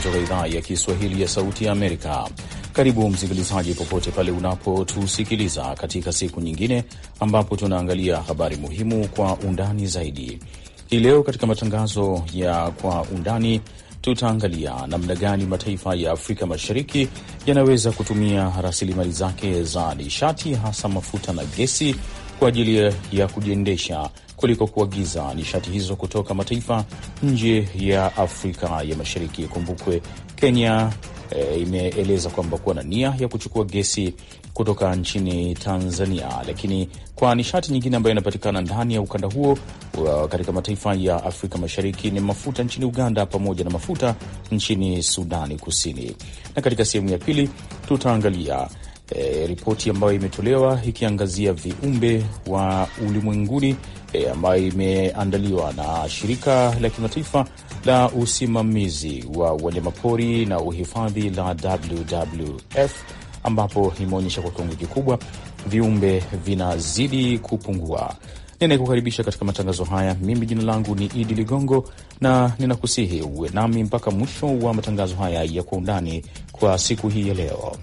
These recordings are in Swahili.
kutoka idhaa ya Kiswahili ya Sauti ya Amerika. Karibu msikilizaji, popote pale unapotusikiliza katika siku nyingine ambapo tunaangalia habari muhimu kwa undani zaidi. Hii leo katika matangazo ya Kwa Undani tutaangalia namna gani mataifa ya Afrika Mashariki yanaweza kutumia rasilimali zake za nishati hasa mafuta na gesi kwa ajili ya kujiendesha kuliko kuagiza nishati hizo kutoka mataifa nje ya Afrika ya Mashariki. Kumbukwe Kenya e, imeeleza kwamba kuwa na nia ya kuchukua gesi kutoka nchini Tanzania, lakini kwa nishati nyingine ambayo inapatikana ndani ya ukanda huo katika mataifa ya Afrika Mashariki ni mafuta nchini Uganda pamoja na mafuta nchini Sudani Kusini. Na katika sehemu ya pili tutaangalia e, ripoti ambayo imetolewa ikiangazia viumbe wa ulimwenguni e, ambayo imeandaliwa na shirika la kimataifa la usimamizi wa wanyamapori na uhifadhi la WWF ambapo imeonyesha kwa kiwango kikubwa viumbe vinazidi kupungua. Ninayekukaribisha katika matangazo haya mimi jina langu ni Idi Ligongo, na ninakusihi uwe nami mpaka mwisho wa matangazo haya ya Kwa Undani kwa siku hii ya leo.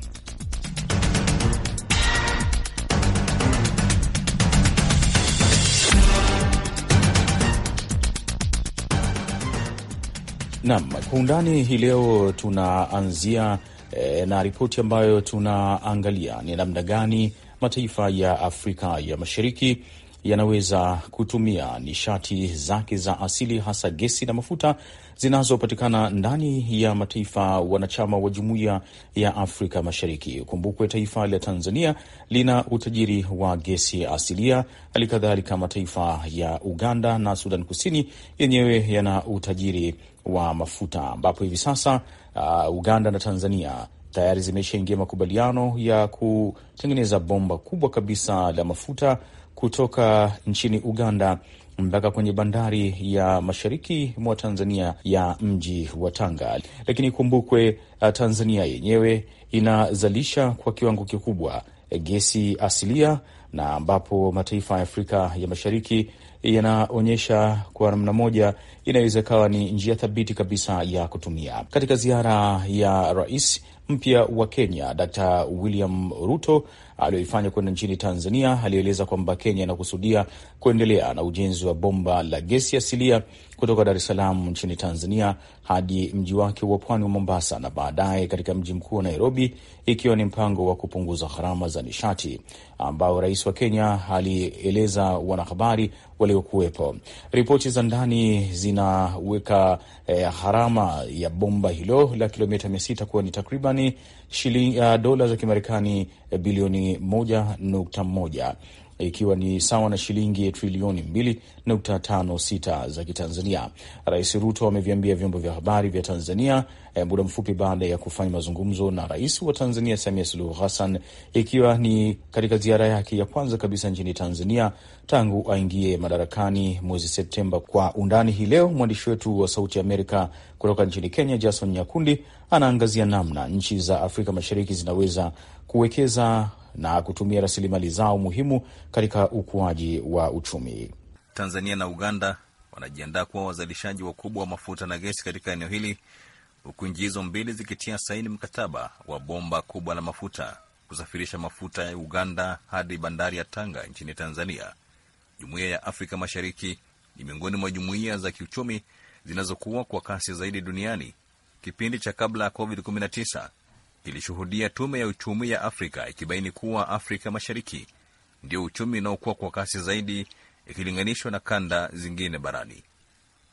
Naam, kwa undani hii leo tunaanzia eh, na ripoti ambayo tunaangalia ni namna gani mataifa ya Afrika ya Mashariki yanaweza kutumia nishati zake za asili hasa gesi na mafuta zinazopatikana ndani ya mataifa wanachama wa Jumuiya ya Afrika Mashariki. Kumbukwe, taifa la Tanzania lina utajiri wa gesi asilia, halikadhalika mataifa ya Uganda na Sudan Kusini yenyewe yana utajiri wa mafuta ambapo hivi sasa uh, Uganda na Tanzania tayari zimeshaingia makubaliano ya kutengeneza bomba kubwa kabisa la mafuta kutoka nchini Uganda mpaka kwenye bandari ya mashariki mwa Tanzania ya mji wa Tanga. Lakini ikumbukwe, uh, Tanzania yenyewe inazalisha kwa kiwango kikubwa eh, gesi asilia, na ambapo mataifa ya Afrika ya Mashariki yanaonyesha kwa namna moja inaweza kawa ni njia thabiti kabisa ya kutumia. Katika ziara ya rais mpya wa Kenya Dkt. William Ruto aliyoifanya kwenda nchini Tanzania, alieleza kwamba Kenya inakusudia kuendelea na ujenzi wa bomba la gesi asilia kutoka Dar es Salaam nchini Tanzania hadi mji wake wa pwani wa Mombasa na baadaye katika mji mkuu wa Nairobi, ikiwa ni mpango wa kupunguza gharama za nishati ambao rais wa Kenya alieleza wanahabari waliokuwepo. Ripoti za ndani zinaweka eh, gharama ya bomba hilo la kilomita mia sita kuwa ni takribani shilingi uh, dola za Kimarekani eh, bilioni moja nukta moja ikiwa ni sawa na shilingi trilioni 2.56 za Kitanzania. Rais Ruto ameviambia vyombo vya habari vya Tanzania eh, muda mfupi baada ya kufanya mazungumzo na rais wa Tanzania Samia Suluhu Hassan, ikiwa ni katika ziara yake ya kwanza kabisa nchini Tanzania tangu aingie madarakani mwezi Septemba. Kwa undani hii leo, mwandishi wetu wa Sauti ya Amerika kutoka nchini Kenya, Jason Nyakundi, anaangazia namna nchi za Afrika Mashariki zinaweza kuwekeza na kutumia rasilimali zao muhimu katika ukuaji wa uchumi. Tanzania na Uganda wanajiandaa kuwa wazalishaji wakubwa wa mafuta na gesi katika eneo hili, huku nchi hizo mbili zikitia saini mkataba wa bomba kubwa la mafuta kusafirisha mafuta ya Uganda hadi bandari ya Tanga nchini Tanzania. Jumuiya ya Afrika Mashariki ni miongoni mwa jumuiya za kiuchumi zinazokuwa kwa kasi zaidi duniani. Kipindi cha kabla ya COVID-19 ilishuhudia tume ya uchumi ya Afrika ikibaini kuwa Afrika Mashariki ndio uchumi unaokuwa kwa kasi zaidi ikilinganishwa na kanda zingine barani.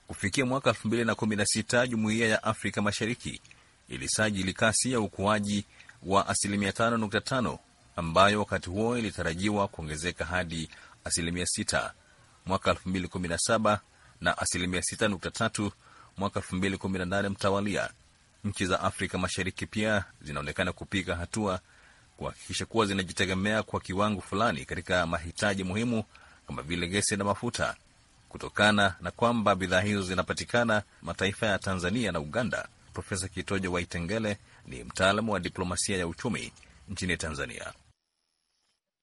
Kufikia mwaka 2016 jumuiya ya Afrika Mashariki ilisajili kasi ya ukuaji wa asilimia 5.5 ambayo wakati huo ilitarajiwa kuongezeka hadi asilimia 6 mwaka 2017 na asilimia 6.3 mwaka 2018 mtawalia. Nchi za Afrika Mashariki pia zinaonekana kupiga hatua kuhakikisha kuwa zinajitegemea kwa kiwango fulani katika mahitaji muhimu kama vile gesi na mafuta, kutokana na kwamba bidhaa hizo zinapatikana mataifa ya Tanzania na Uganda. Profesa Kitojo Waitengele ni mtaalamu wa diplomasia ya uchumi nchini Tanzania.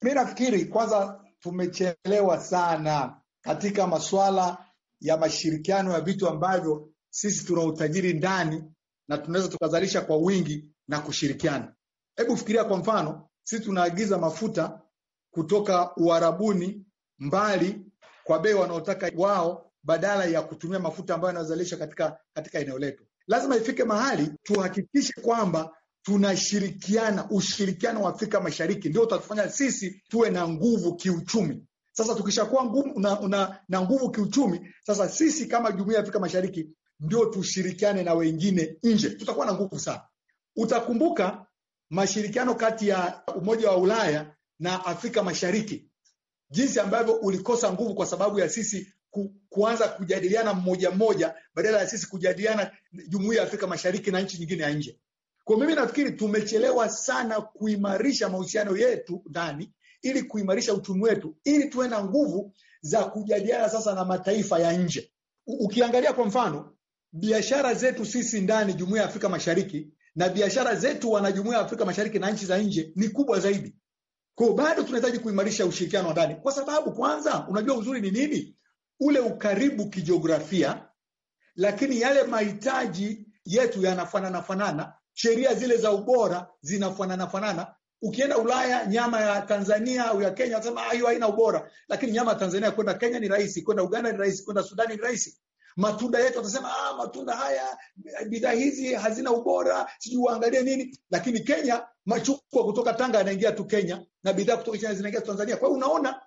Mi nafikiri kwanza tumechelewa sana katika masuala ya mashirikiano ya vitu ambavyo sisi tuna utajiri ndani na tunaweza tukazalisha kwa wingi na kushirikiana. Hebu fikiria kwa mfano, sisi tunaagiza mafuta kutoka Uarabuni mbali kwa bei wanaotaka wao, badala ya kutumia mafuta ambayo yanazalisha katika katika eneo letu. Lazima ifike mahali tuhakikishe kwamba tunashirikiana. Ushirikiano wa Afrika Mashariki ndio utatufanya sisi tuwe na nguvu kiuchumi. Sasa tukishakuwa na, na, na nguvu kiuchumi, sasa sisi kama jumuiya ya Afrika Mashariki ndio tushirikiane na wengine nje, tutakuwa na nguvu sana. Utakumbuka mashirikiano kati ya Umoja wa Ulaya na Afrika Mashariki, jinsi ambavyo ulikosa nguvu kwa sababu ya sisi ku, kuanza kujadiliana mmoja mmoja badala ya sisi kujadiliana Jumuiya ya Afrika Mashariki na nchi nyingine ya nje. Kwa mimi nafikiri tumechelewa sana kuimarisha mahusiano yetu ndani ili kuimarisha uchumi wetu ili tuwe na nguvu za kujadiliana sasa na mataifa ya nje. Ukiangalia kwa mfano biashara zetu sisi ndani Jumuiya ya Afrika Mashariki na biashara zetu wana Jumuiya ya Afrika Mashariki na nchi za nje ni kubwa zaidi. Kwa hiyo bado tunahitaji kuimarisha ushirikiano wa ndani, kwa sababu kwanza, unajua uzuri ni nini? Ule ukaribu kijiografia, lakini yale mahitaji yetu yanafanana fanana, sheria zile za ubora zinafanana fanana. Ukienda Ulaya, nyama ya Tanzania au ya Kenya unasema ah, hiyo haina ubora, lakini nyama ya Tanzania kwenda Kenya ni rahisi, kwenda Uganda ni rahisi, kwenda Sudani ni rahisi matunda yetu watasema ah, matunda haya bidhaa hizi hazina ubora, sijui uangalie nini. Lakini Kenya machukwa kutoka Tanga yanaingia tu Kenya na bidhaa kutoka China zinaingia Tanzania. Kwa hiyo unaona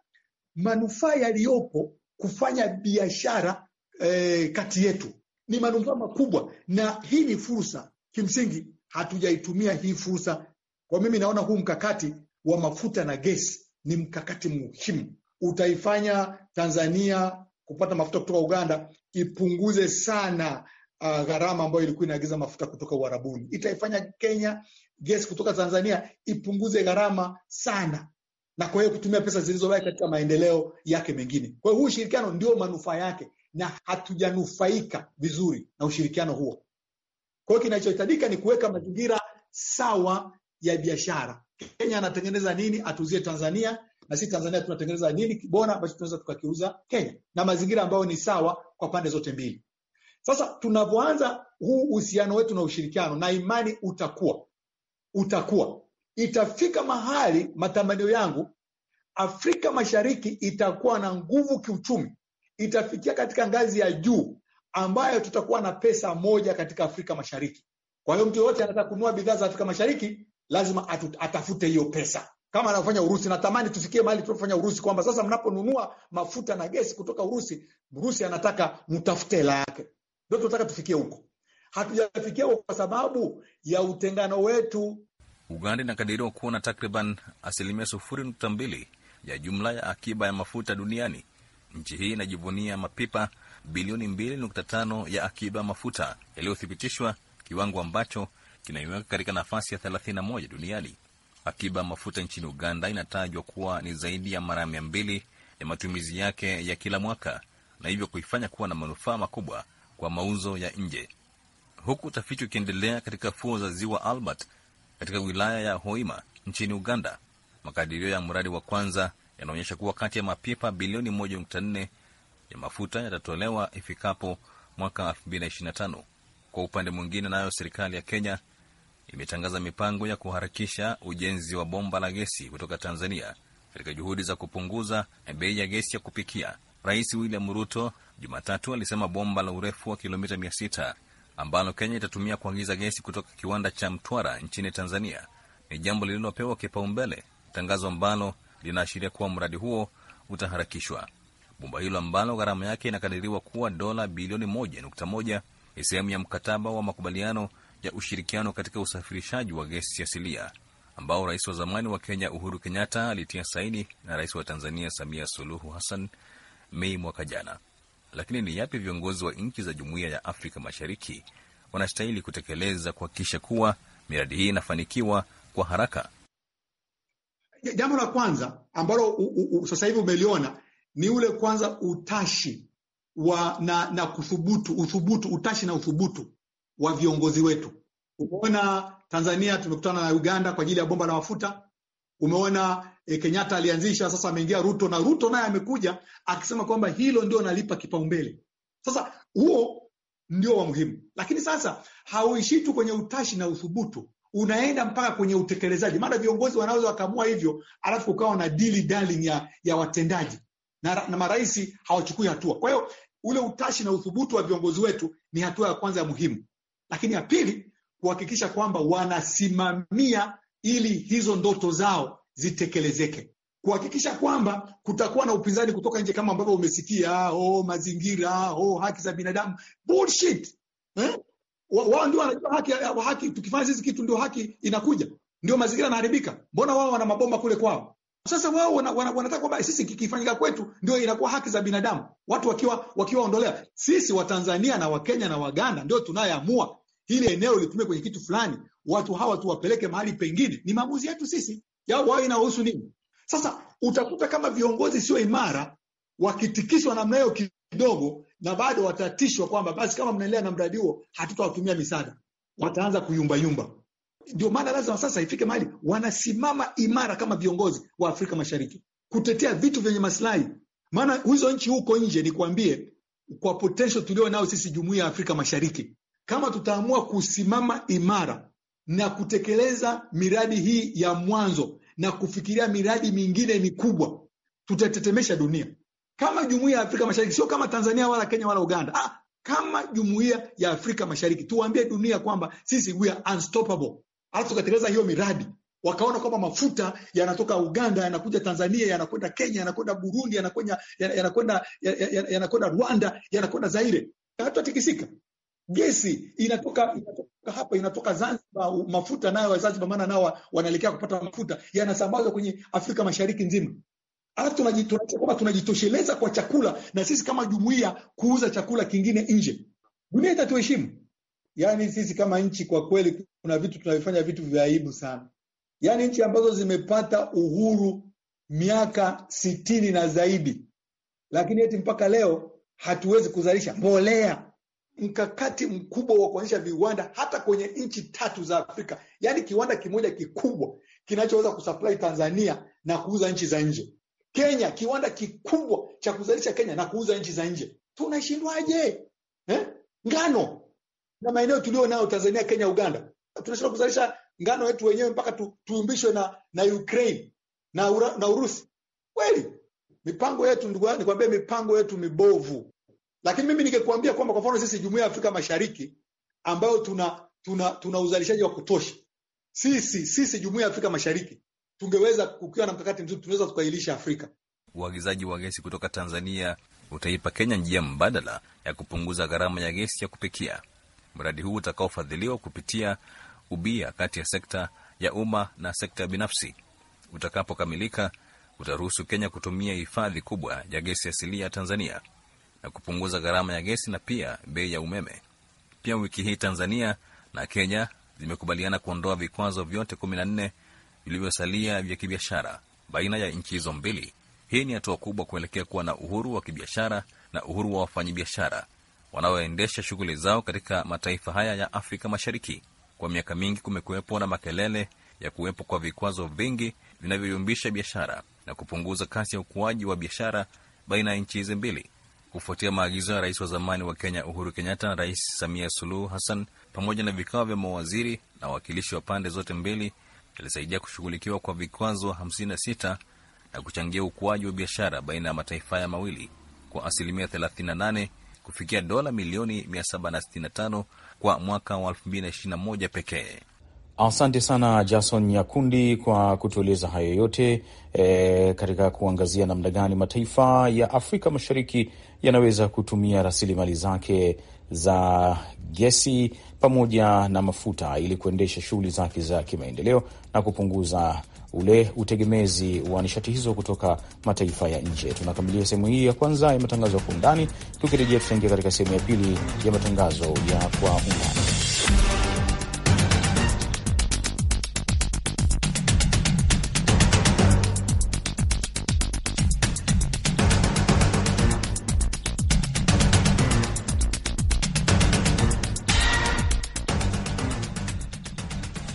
manufaa yaliyopo kufanya biashara eh, kati yetu ni manufaa makubwa, na hii ni fursa kimsingi, hatujaitumia hii fursa. Kwa mimi naona huu mkakati wa mafuta na gesi ni mkakati muhimu, utaifanya Tanzania kupata mafuta kutoka Uganda ipunguze sana uh, gharama ambayo ilikuwa inaagiza mafuta kutoka Uarabuni. Itaifanya Kenya gesi kutoka Tanzania ipunguze gharama sana, na kwa hiyo kutumia pesa zilizobaki katika maendeleo yake mengine. Kwa hiyo huu ushirikiano ndio manufaa yake, na hatujanufaika vizuri na ushirikiano huo. Kwa hiyo kinachohitajika ni kuweka mazingira sawa ya biashara. Kenya anatengeneza nini atuzie Tanzania, na sisi Tanzania tunatengeneza nini bora ambacho tunaweza tukakiuza Kenya na mazingira ambayo ni sawa kwa pande zote mbili. Sasa tunapoanza huu uhusiano wetu na ushirikiano na imani utakuwa utakuwa, itafika mahali, matamanio yangu, Afrika Mashariki itakuwa na nguvu kiuchumi, itafikia katika ngazi ya juu ambayo tutakuwa na pesa moja katika Afrika Mashariki. Kwa hiyo mtu yoyote anataka kununua bidhaa za Afrika Mashariki lazima atafute hiyo pesa kama anavyofanya Urusi. Natamani tufikie mahali tunapofanya Urusi kwamba sasa mnaponunua mafuta na gesi kutoka Urusi, Urusi anataka mtafute hela yake. Ndio tunataka tufikie huko, hatujafikia huko kwa sababu ya utengano wetu. Uganda inakadiriwa kuwa na takriban asilimia sufuri nukta mbili ya jumla ya akiba ya mafuta duniani. Nchi hii inajivunia mapipa bilioni mbili nukta tano ya akiba ya mafuta yaliyothibitishwa, kiwango ambacho kinaiweka katika nafasi ya 31 duniani. Akiba ya mafuta nchini Uganda inatajwa kuwa ni zaidi ya mara mia mbili ya matumizi yake ya kila mwaka na hivyo kuifanya kuwa na manufaa makubwa kwa mauzo ya nje. Huku utafiti ukiendelea katika fuo za ziwa Albert katika wilaya ya Hoima nchini Uganda, makadirio ya mradi wa kwanza yanaonyesha kuwa kati ya mapipa bilioni 1.4 ya mafuta yatatolewa ifikapo mwaka 2025. Kwa upande mwingine, nayo serikali ya Kenya imetangaza mipango ya kuharakisha ujenzi wa bomba la gesi kutoka Tanzania katika juhudi za kupunguza bei ya gesi ya kupikia. Rais William Ruto Jumatatu alisema bomba la urefu wa kilomita mia sita ambalo Kenya itatumia kuagiza gesi kutoka kiwanda cha Mtwara nchini Tanzania ni jambo lililopewa kipaumbele, tangazo ambalo linaashiria kuwa mradi huo utaharakishwa. Bomba hilo ambalo gharama yake inakadiriwa kuwa dola bilioni moja nukta moja ni sehemu ya mkataba wa makubaliano ya ushirikiano katika usafirishaji wa gesi asilia ambao rais wa zamani wa Kenya Uhuru Kenyatta alitia saini na rais wa Tanzania Samia Suluhu Hassan Mei mwaka jana. Lakini ni yapi viongozi wa nchi za Jumuiya ya Afrika Mashariki wanastahili kutekeleza kuhakikisha kuwa miradi hii inafanikiwa kwa haraka? Jambo la kwanza ambalo sasa hivi umeliona ni ule kwanza utashi wa na, na kuthubutu uthubutu utashi na uthubutu wa viongozi wetu. Umeona mm-hmm. Tanzania tumekutana na Uganda kwa ajili ya bomba la mafuta. Umeona e, Kenyatta alianzisha, sasa ameingia Ruto na Ruto naye amekuja akisema kwamba hilo ndio nalipa kipaumbele. Sasa huo ndio wa muhimu, lakini sasa hauishii tu kwenye utashi na uthubutu, unaenda mpaka kwenye utekelezaji. Maana viongozi wanaweza wakaamua hivyo, alafu ukawa na dili darling ya, ya watendaji na, na marais hawachukui hatua. Kwa hiyo ule utashi na uthubutu wa viongozi wetu ni hatua ya kwanza ya muhimu lakini ya pili kuhakikisha kwamba wanasimamia ili hizo ndoto zao zitekelezeke, kuhakikisha kwamba kutakuwa na upinzani kutoka nje, kama ambavyo umesikia ah, oh, mazingira ah, oh, haki za binadamu bullshit, eh? Wao ndio wanajua haki, haki. Tukifanya sisi kitu ndio haki inakuja, ndio mazingira yanaharibika. Mbona wao wana mabomba kule kwao? Sasa wao wanataka wana, wana kwamba sisi kikifanyika kwetu ndio inakuwa haki za binadamu, watu wakiwa wakiwaondolea. Sisi Watanzania na Wakenya na Waganda ndio tunayeamua hili eneo litumie kwenye kitu fulani, watu hawa tuwapeleke mahali pengine. Ni maamuzi yetu sisi, ya wao inahusu nini? Sasa utakuta kama viongozi sio imara, wakitikishwa namna hiyo kidogo, na bado watatishwa kwamba basi, kama mnaendelea na mradi huo, hatutawatumia misaada, wataanza kuyumbayumba. Ndio maana lazima sasa ifike mahali wanasimama imara kama viongozi wa Afrika Mashariki kutetea vitu vyenye masilahi, maana hizo nchi huko nje, nikuambie kwa potential tulio nayo sisi jumuiya ya Afrika Mashariki, kama tutaamua kusimama imara na kutekeleza miradi hii ya mwanzo na kufikiria miradi mingine mikubwa, tutatetemesha dunia kama jumuiya ya Afrika Mashariki, sio kama Tanzania wala Kenya wala Uganda. Ah, kama jumuiya ya Afrika Mashariki tuwaambie dunia kwamba sisi we are unstoppable alafu tukatekeleza hiyo miradi wakaona kwamba mafuta yanatoka Uganda yanakuja Tanzania, yanakwenda Kenya, yanakwenda Burundi, yanakwenda yanakwenda yanakwenda Rwanda, yanakwenda Zaire. Hatuatikisika. Gesi inatoka inatoka hapa, inatoka Zanzibar. Mafuta nayo Wazanzibar, maana nao wanaelekea kupata mafuta, yanasambazwa kwenye Afrika Mashariki nzima. Alafu tunajitunasha kwamba tunajitosheleza kwa chakula, na sisi kama jumuiya kuuza chakula kingine nje, dunia itatuheshimu. Yaani sisi kama nchi kwa kweli kuna vitu tunavifanya vitu vya aibu sana. Yaani nchi ambazo zimepata uhuru miaka sitini na zaidi, lakini eti mpaka leo hatuwezi kuzalisha mbolea. Mkakati mkubwa wa kuanzisha viwanda hata kwenye nchi tatu za Afrika, yaani kiwanda kimoja kikubwa kinachoweza kusupply Tanzania na kuuza nchi za nje. Kenya, kiwanda kikubwa cha kuzalisha Kenya na kuuza nchi za nje, tunashindwaje eh? Ngano na maeneo tulio nayo Tanzania, Kenya, Uganda, tunashindwa kuzalisha ngano yetu wenyewe mpaka tu, tuumbishwe na na Ukraine na, ura, na Urusi. Kweli mipango yetu ndugu, nikwambie mipango yetu mibovu. Lakini mimi ningekuambia kwamba kwa mfano sisi Jumuiya ya Afrika Mashariki ambayo tuna tuna tuna uzalishaji wa kutosha, sisi sisi Jumuiya ya Afrika Mashariki tungeweza kukiwa na mkakati mzuri, tunaweza tukailisha Afrika. Uagizaji wa gesi kutoka Tanzania utaipa Kenya njia mbadala ya kupunguza gharama ya gesi ya kupikia. Mradi huu utakaofadhiliwa kupitia ubia kati ya sekta ya umma na sekta binafsi utakapokamilika utaruhusu Kenya kutumia hifadhi kubwa ya gesi asilia ya Tanzania na kupunguza gharama ya gesi na pia bei ya umeme. Pia wiki hii Tanzania na Kenya zimekubaliana kuondoa vikwazo vyote kumi na nne vilivyosalia vya kibiashara baina ya nchi hizo mbili. Hii ni hatua kubwa kuelekea kuwa na uhuru wa kibiashara na uhuru wa wafanyabiashara wanaoendesha shughuli zao katika mataifa haya ya Afrika Mashariki. Kwa miaka mingi kumekuwepo na makelele ya kuwepo kwa vikwazo vingi vinavyoyumbisha biashara na kupunguza kasi ya ukuaji wa biashara baina ya nchi hizi mbili. Kufuatia maagizo ya rais wa zamani wa Kenya Uhuru Kenyatta na Rais Samia Suluhu Hassan, pamoja na vikao vya mawaziri na wawakilishi wa pande zote mbili, ilisaidia kushughulikiwa kwa vikwazo 56 na kuchangia ukuaji wa biashara baina ya mataifa haya mawili kwa asilimia 38 kufikia dola milioni 765 kwa mwaka wa 2021 pekee. Asante sana Jason Nyakundi kwa kutueleza hayo yote e, katika kuangazia namna gani mataifa ya Afrika Mashariki yanaweza kutumia rasilimali zake za gesi pamoja na mafuta ili kuendesha shughuli zake za kimaendeleo na kupunguza ule utegemezi wa nishati hizo kutoka mataifa ya nje. Tunakamilisha sehemu hii ya kwanza ya matangazo ya kwa undani. Tukirejea tutaingia katika sehemu ya pili ya matangazo ya kwa undani.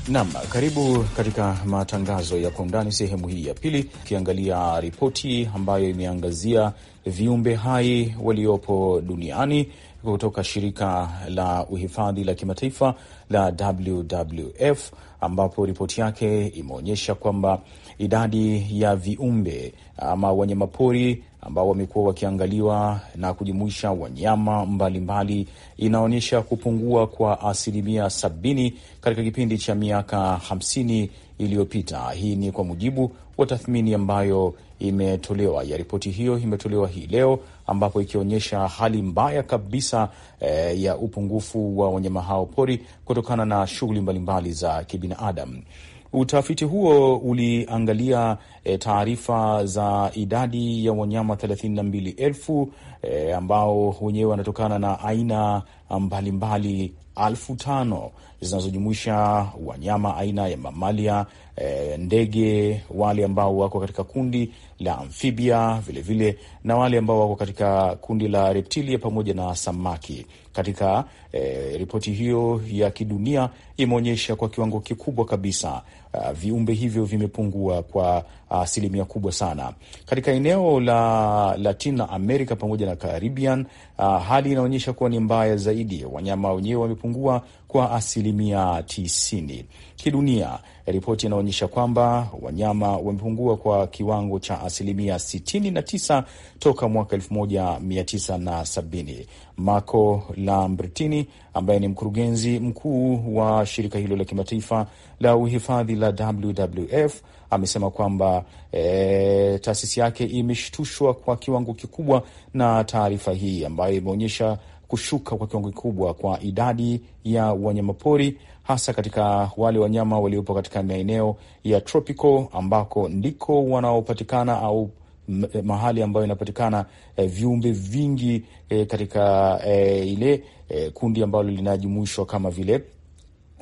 Nam, karibu katika matangazo ya kwa undani sehemu hii ya pili, ukiangalia ripoti ambayo imeangazia viumbe hai waliopo duniani kutoka shirika la uhifadhi la kimataifa la WWF ambapo ripoti yake imeonyesha kwamba idadi ya viumbe ama wanyamapori ambao wamekuwa wakiangaliwa na kujumuisha wanyama mbalimbali inaonyesha kupungua kwa asilimia sabini katika kipindi cha miaka hamsini iliyopita. Hii ni kwa mujibu wa tathmini ambayo imetolewa ya ripoti hiyo imetolewa hii leo ambapo ikionyesha hali mbaya kabisa eh, ya upungufu wa wanyama hao pori kutokana na shughuli mbalimbali za kibinadamu. Utafiti huo uliangalia e, taarifa za idadi ya wanyama thelathini na mbili elfu e, ambao wenyewe wanatokana na aina mbalimbali elfu tano zinazojumuisha wanyama aina ya mamalia e, ndege wale ambao wako katika kundi la amfibia vilevile vile, na wale ambao wako katika kundi la reptilia pamoja na samaki. Katika e, ripoti hiyo ya kidunia imeonyesha kwa kiwango kikubwa kabisa uh, viumbe hivyo vimepungua kwa Uh, asilimia kubwa sana katika eneo la Latin America pamoja na Caribbean. A, uh, hali inaonyesha kuwa ni mbaya zaidi, wanyama wenyewe wamepungua kwa asilimia tisini. Kidunia, ripoti inaonyesha kwamba wanyama wamepungua kwa kiwango cha asilimia sitini na tisa toka mwaka elfu moja mia tisa na sabini. Marco Lambertini ambaye ni mkurugenzi mkuu wa shirika hilo la kimataifa la uhifadhi la WWF amesema kwamba e, taasisi yake imeshtushwa kwa kiwango kikubwa na taarifa hii ambayo imeonyesha kushuka kwa kiwango kikubwa kwa idadi ya wanyamapori hasa katika wale wanyama waliopo katika maeneo ya tropico ambako ndiko wanaopatikana au mahali ambayo inapatikana e, viumbe vingi e, katika e, ile e, kundi ambalo linajumuishwa kama vile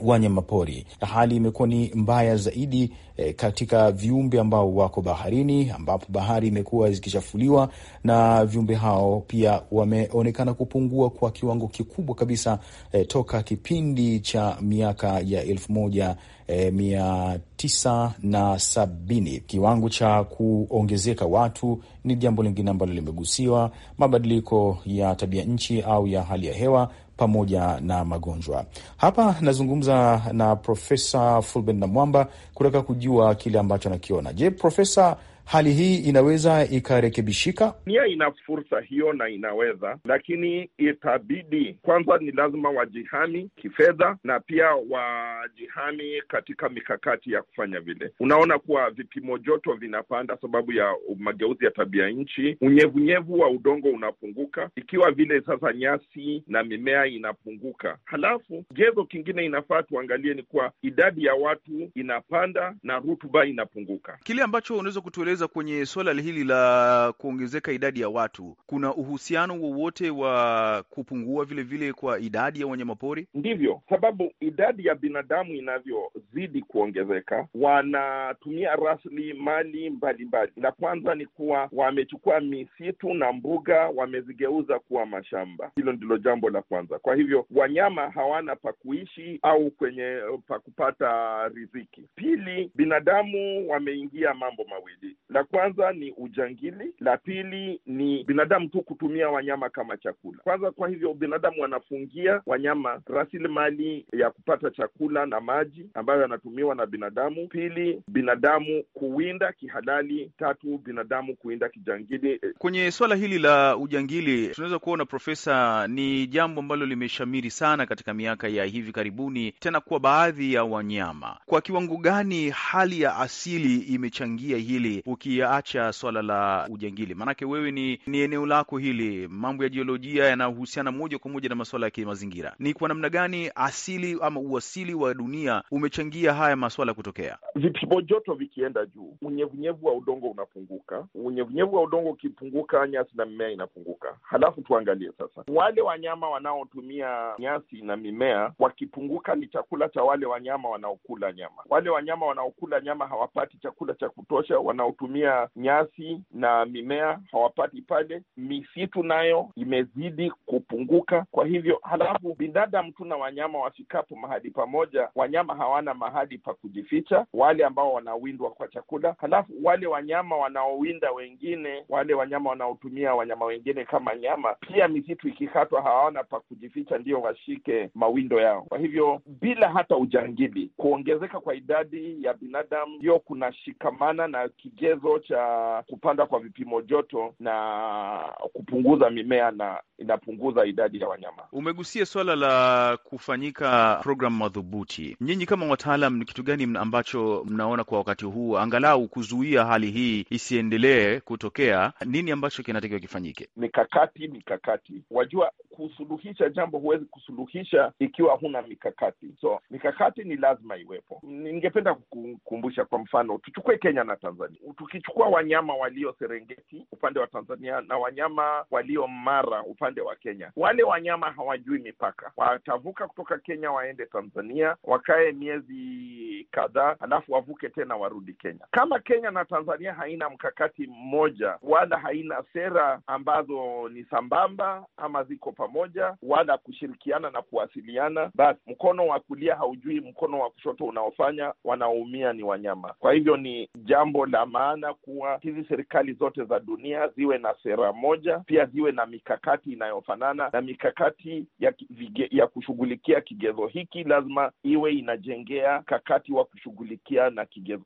wanyamapori. Hali imekuwa ni mbaya zaidi e, katika viumbe ambao wako baharini, ambapo bahari imekuwa zikichafuliwa na viumbe hao pia wameonekana kupungua kwa kiwango kikubwa kabisa e, toka kipindi cha miaka ya elfu moja e, mia tisa na sabini. Kiwango cha kuongezeka watu ni jambo lingine ambalo limegusiwa, mabadiliko ya tabia nchi au ya hali ya hewa pamoja na magonjwa. Hapa nazungumza na Profesa Fulben na Mwamba kutaka kujua kile ambacho anakiona. Je, Profesa hali hii inaweza ikarekebishika? Nia ina fursa hiyo na inaweza, lakini itabidi kwanza, ni lazima wajihami kifedha na pia wajihami katika mikakati ya kufanya vile. Unaona kuwa vipimo joto vinapanda sababu ya mageuzi ya tabia nchi, unyevunyevu wa udongo unapunguka, ikiwa vile sasa nyasi na mimea inapunguka. Halafu gezo kingine inafaa tuangalie ni kuwa idadi ya watu inapanda na rutuba inapunguka, kile ambacho unaweza kutueleza kukueleza kwenye swala hili la kuongezeka idadi ya watu, kuna uhusiano wowote wa kupungua vilevile vile kwa idadi ya wanyamapori? Ndivyo sababu idadi ya binadamu inavyozidi kuongezeka, wanatumia rasilimali mbalimbali. La kwanza ni kuwa wamechukua misitu na mbuga, wamezigeuza kuwa mashamba. Hilo ndilo jambo la kwanza. Kwa hivyo wanyama hawana pa kuishi au kwenye pa kupata riziki. Pili, binadamu wameingia mambo mawili la kwanza ni ujangili, la pili ni binadamu tu kutumia wanyama kama chakula. Kwanza, kwa hivyo binadamu wanafungia wanyama rasilimali ya kupata chakula na maji ambayo yanatumiwa na binadamu. Pili, binadamu kuwinda kihalali. Tatu, binadamu kuwinda kijangili. Kwenye suala hili la ujangili, tunaweza kuona Profesa, ni jambo ambalo limeshamiri sana katika miaka ya hivi karibuni, tena kwa baadhi ya wanyama. Kwa kiwango gani hali ya asili imechangia hili? ukiacha swala la ujangili, maanake wewe ni, ni eneo lako hili, mambo ya jiolojia yanahusiana moja kwa moja na maswala ya kimazingira, ni kwa namna gani asili ama uasili wa dunia umechangia haya maswala kutokea? Vipimo joto vikienda juu, unyevunyevu wa udongo unapunguka. Unyevunyevu wa udongo ukipunguka, nyasi na mimea inapunguka. Halafu tuangalie sasa, wale wanyama wanaotumia nyasi na mimea wakipunguka, ni chakula cha wale wanyama wanaokula nyama. Wale wanyama wanaokula nyama hawapati chakula cha kutosha, wanaotumia kutumia nyasi na mimea hawapati pale. Misitu nayo imezidi kupunguka. Kwa hivyo, halafu binadamu tu na wanyama wafikapo mahali pamoja, wanyama hawana mahali pa kujificha, wale ambao wanawindwa kwa chakula. Halafu wale wanyama wanaowinda wengine, wale wanyama wanaotumia wanyama wengine kama nyama, pia misitu ikikatwa, hawana pa kujificha, ndio washike mawindo yao. Kwa hivyo, bila hata ujangili, kuongezeka kwa idadi ya binadamu ndio kunashikamana na kigezo kigezo cha kupanda kwa vipimo joto na kupunguza mimea na inapunguza idadi ya wanyama. Umegusia swala la kufanyika programu madhubuti. Nyinyi kama wataalam, ni kitu gani ambacho mnaona kwa wakati huu angalau kuzuia hali hii isiendelee kutokea? Nini ambacho kinatakiwa kifanyike? Mikakati, mikakati. Wajua, kusuluhisha jambo huwezi kusuluhisha ikiwa huna mikakati, so mikakati ni lazima iwepo. Ningependa kukumbusha, kwa mfano, tuchukue Kenya na Tanzania tukichukua wanyama walio Serengeti upande wa Tanzania na wanyama walio Mara upande wa Kenya, wale wanyama hawajui mipaka. Watavuka kutoka Kenya waende Tanzania, wakae miezi kadhaa, alafu wavuke tena warudi Kenya. Kama Kenya na Tanzania haina mkakati mmoja wala haina sera ambazo ni sambamba ama ziko pamoja wala kushirikiana na kuwasiliana, basi mkono wa kulia haujui mkono wa kushoto unaofanya, wanaoumia ni wanyama. Kwa hivyo ni jambo la maana sana kuwa hizi serikali zote za dunia ziwe na sera moja, pia ziwe na mikakati inayofanana na mikakati ya, vige, ya kushughulikia kigezo hiki lazima iwe inajengea mkakati wa kushughulikia na kigezo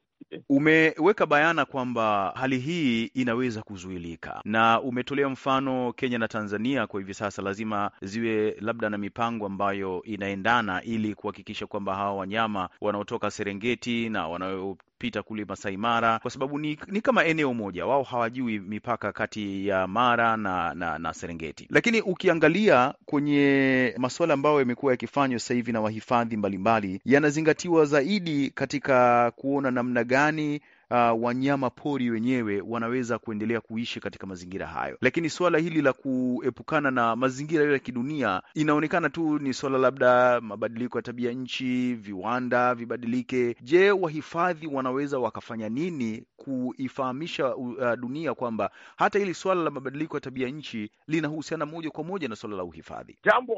Umeweka bayana kwamba hali hii inaweza kuzuilika, na umetolea mfano Kenya na Tanzania kwa hivi sasa lazima ziwe labda na mipango ambayo inaendana ili kuhakikisha kwamba hawa wanyama wanaotoka Serengeti na wanao kupita kule Masai Mara, kwa sababu ni, ni kama eneo moja, wao hawajui mipaka kati ya Mara na, na, na Serengeti. Lakini ukiangalia kwenye masuala ambayo yamekuwa yakifanywa sasa hivi na wahifadhi mbalimbali, yanazingatiwa zaidi katika kuona namna gani uh, wanyama pori wenyewe wanaweza kuendelea kuishi katika mazingira hayo. Lakini suala hili la kuepukana na mazingira ya kidunia inaonekana tu ni suala labda mabadiliko ya tabia nchi, viwanda vibadilike. Je, wahifadhi wanaweza wakafanya nini kuifahamisha uh, dunia kwamba hata hili suala la mabadiliko ya tabia nchi linahusiana moja kwa moja na suala la uhifadhi? Jambo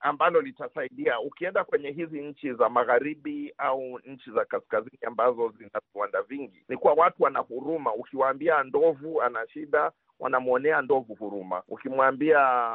ambalo litasaidia. Ukienda kwenye hizi nchi za magharibi au nchi za kaskazini ambazo zina viwanda vingi, ni kuwa watu wana huruma. Ukiwaambia ndovu ana shida, wanamwonea ndovu huruma. Ukimwambia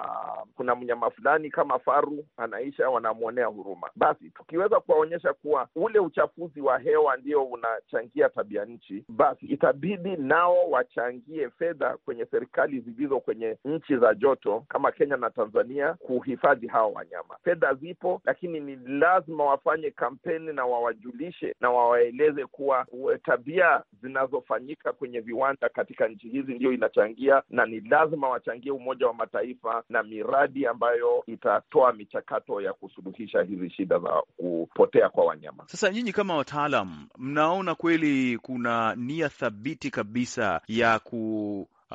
kuna mnyama fulani kama faru anaisha, wanamwonea huruma. Basi tukiweza kuwaonyesha kuwa ule uchafuzi wa hewa ndio unachangia tabia nchi, basi itabidi nao wachangie fedha kwenye serikali zilizo kwenye nchi za joto kama Kenya na Tanzania kuhifadhi hawa wanyama. Fedha zipo, lakini ni lazima wafanye kampeni na wawajulishe na wawaeleze kuwa eh, tabia zinazofanyika kwenye viwanda katika nchi hizi ndio inachangia na ni lazima wachangie Umoja wa Mataifa na miradi ambayo itatoa michakato ya kusuluhisha hizi shida za kupotea kwa wanyama. Sasa nyinyi kama wataalam, mnaona kweli kuna nia thabiti kabisa ya ku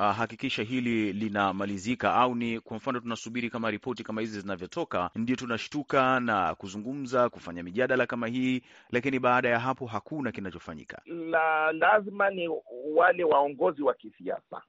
Ah, hakikisha hili linamalizika, au ni kwa mfano tunasubiri kama ripoti kama hizi zinavyotoka ndio tunashtuka na kuzungumza, kufanya mijadala kama hii, lakini baada ya hapo hakuna kinachofanyika? La, lazima ni wale waongozi wa kisiasa,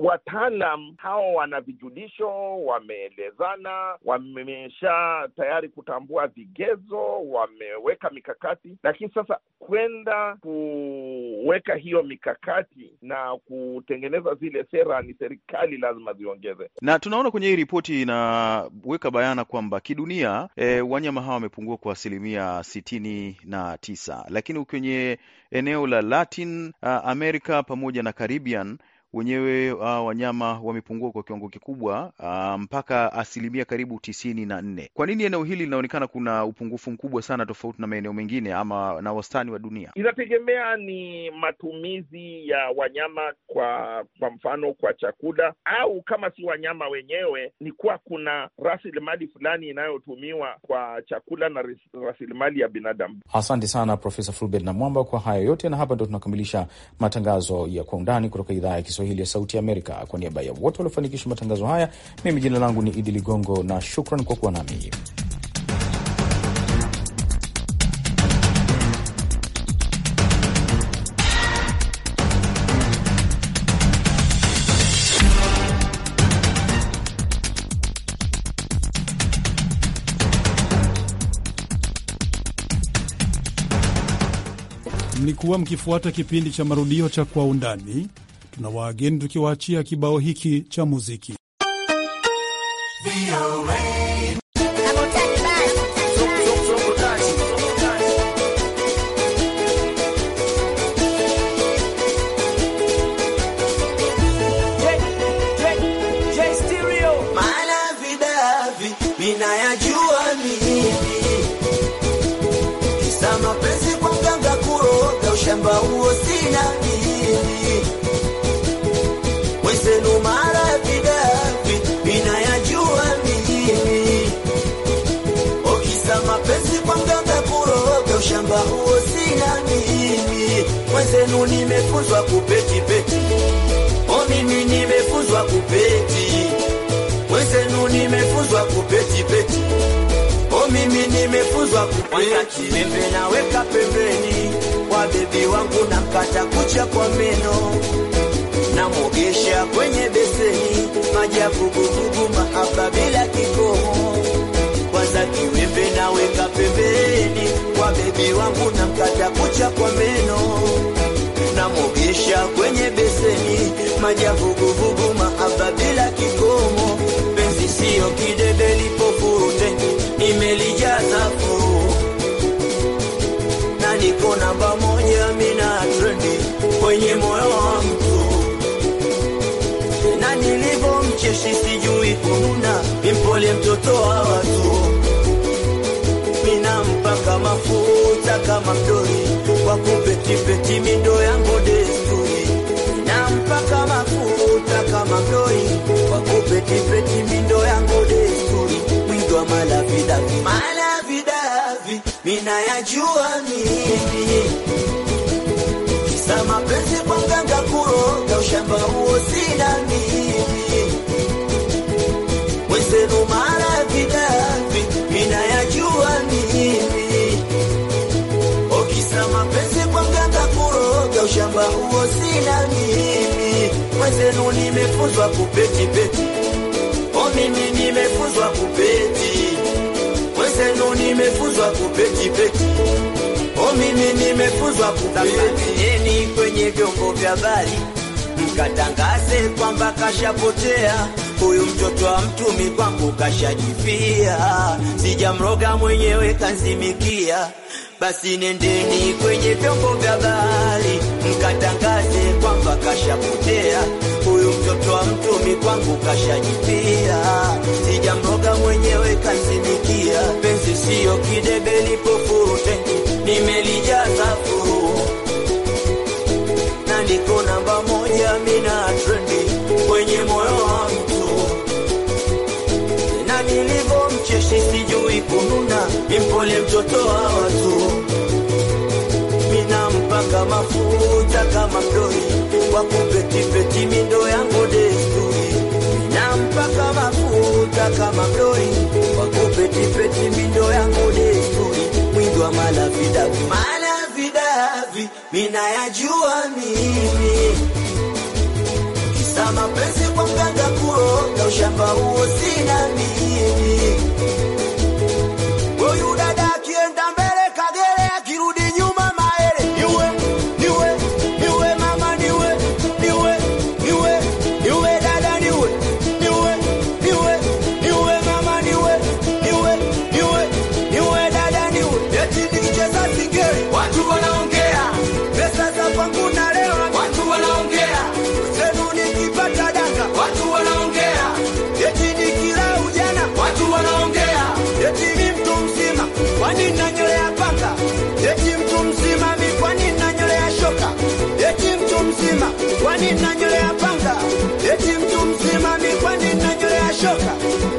wataalam hao wana vijulisho, wameelezana, wamesha tayari kutambua vigezo, wameweka mikakati, lakini sasa kwenda kuweka hiyo mikakati na kutengeneza zile sera ni serikali lazima ziongeze, na tunaona kwenye hii ripoti inaweka bayana kwamba kidunia, e, wanyama hawa wamepungua kwa asilimia sitini na tisa, lakini kwenye eneo la Latin eh, America pamoja na Caribbean wenyewe uh, wanyama wamepungua kwa kiwango kikubwa uh, mpaka asilimia karibu tisini na nne. Kwa nini eneo hili linaonekana kuna upungufu mkubwa sana tofauti na maeneo mengine ama na wastani wa dunia? Inategemea ni matumizi ya wanyama kwa kwa mfano kwa chakula, au kama si wanyama wenyewe, ni kuwa kuna rasilimali fulani inayotumiwa kwa chakula na rasilimali ya binadamu. Asante sana Profesa Fulbert na Mwamba kwa haya yote, na hapa ndo tunakamilisha matangazo ya kwa undani kutoka idhaa ya Kiswahili ya Sauti ya Amerika. Kwa niaba ya wote waliofanikisha matangazo haya, mimi jina langu ni Idi Ligongo na shukran kwa kuwa nami. Mlikuwa mkifuata kipindi cha marudio cha Kwa Undani tuna waageni tukiwaachia kibao hiki cha muziki Vio. kwamba uhusia mimi mwenzenu nimefunzwa kupeti peti, o mimi nimefunzwa kupeti, mwenzenu nimefunzwa kupeti peti, o mimi nimefunzwa kupeti pembe, naweka pembeni kwa bebi wangu, namkata kucha kwa meno namogesha kwenye beseni maji ya vuguvugu, mahaba bila kikomo. Kwanza kiwembe naweka pembeni kwa bebi wangu, na mkata kucha kwa meno, namwogesha kwenye beseni, maja ya vuguvugu, mahaba bila kikomo. Penzi siyo kidebe lipofute, nimelijaza fuu na niko namba moja, mina trendi kwenye moyo wa mtu na nilivyomcheshi sijui kununa, impole mtoto wa watu kama futa kama mdoli kwa kupetipeti mindo yangu desturi, na mpaka mafuta kama mdoli kwa kupetipeti mindo yangu desturi, mwindo wa malavidavi malavidavi mina yajua mimi sama penzi kwa mganga kuroga ushamba huo sina mimi msiba huo sina mimi, wenzenu nimefunzwa kupeti peti, o mimi nimefunzwa kupeti, wenzenu nimefunzwa kupeti peti, o mimi nimefunzwa kupeti. Eni kwenye vyombo vya habari mkatangaze kwamba kashapotea huyu mtoto wa mtumi kwangu kashajifia, sijamroga mwenyewe kanzimikia. Basi nendeni kwenye vyombo vya habari mkatangaze kwamba kashapotea huyu mtoto wa mtumi, kwangu kashajipia, sijamroga mwenyewe kansinikia, penzi siyo kidebe lipofute, nimelijaza furu na ndiko namba moja, mina trendi kwenye moyo wa mtu na nilivomcheshi sijui kununa, ni mpole mtoto wa watu kukuta kama mdoi wakupe kipeti, mindo yangu desturi nampaka mafuta kama mdoi wakupe kipeti, mindo yangu desturi mwindo malavidavi malavidavi minayajua mimi kisa mapenzi kwa mganga kuoga ushamba huo sina mimi kwani mnanyolea panga? Eti mtu mzima ni kwani mnanyolea shoka?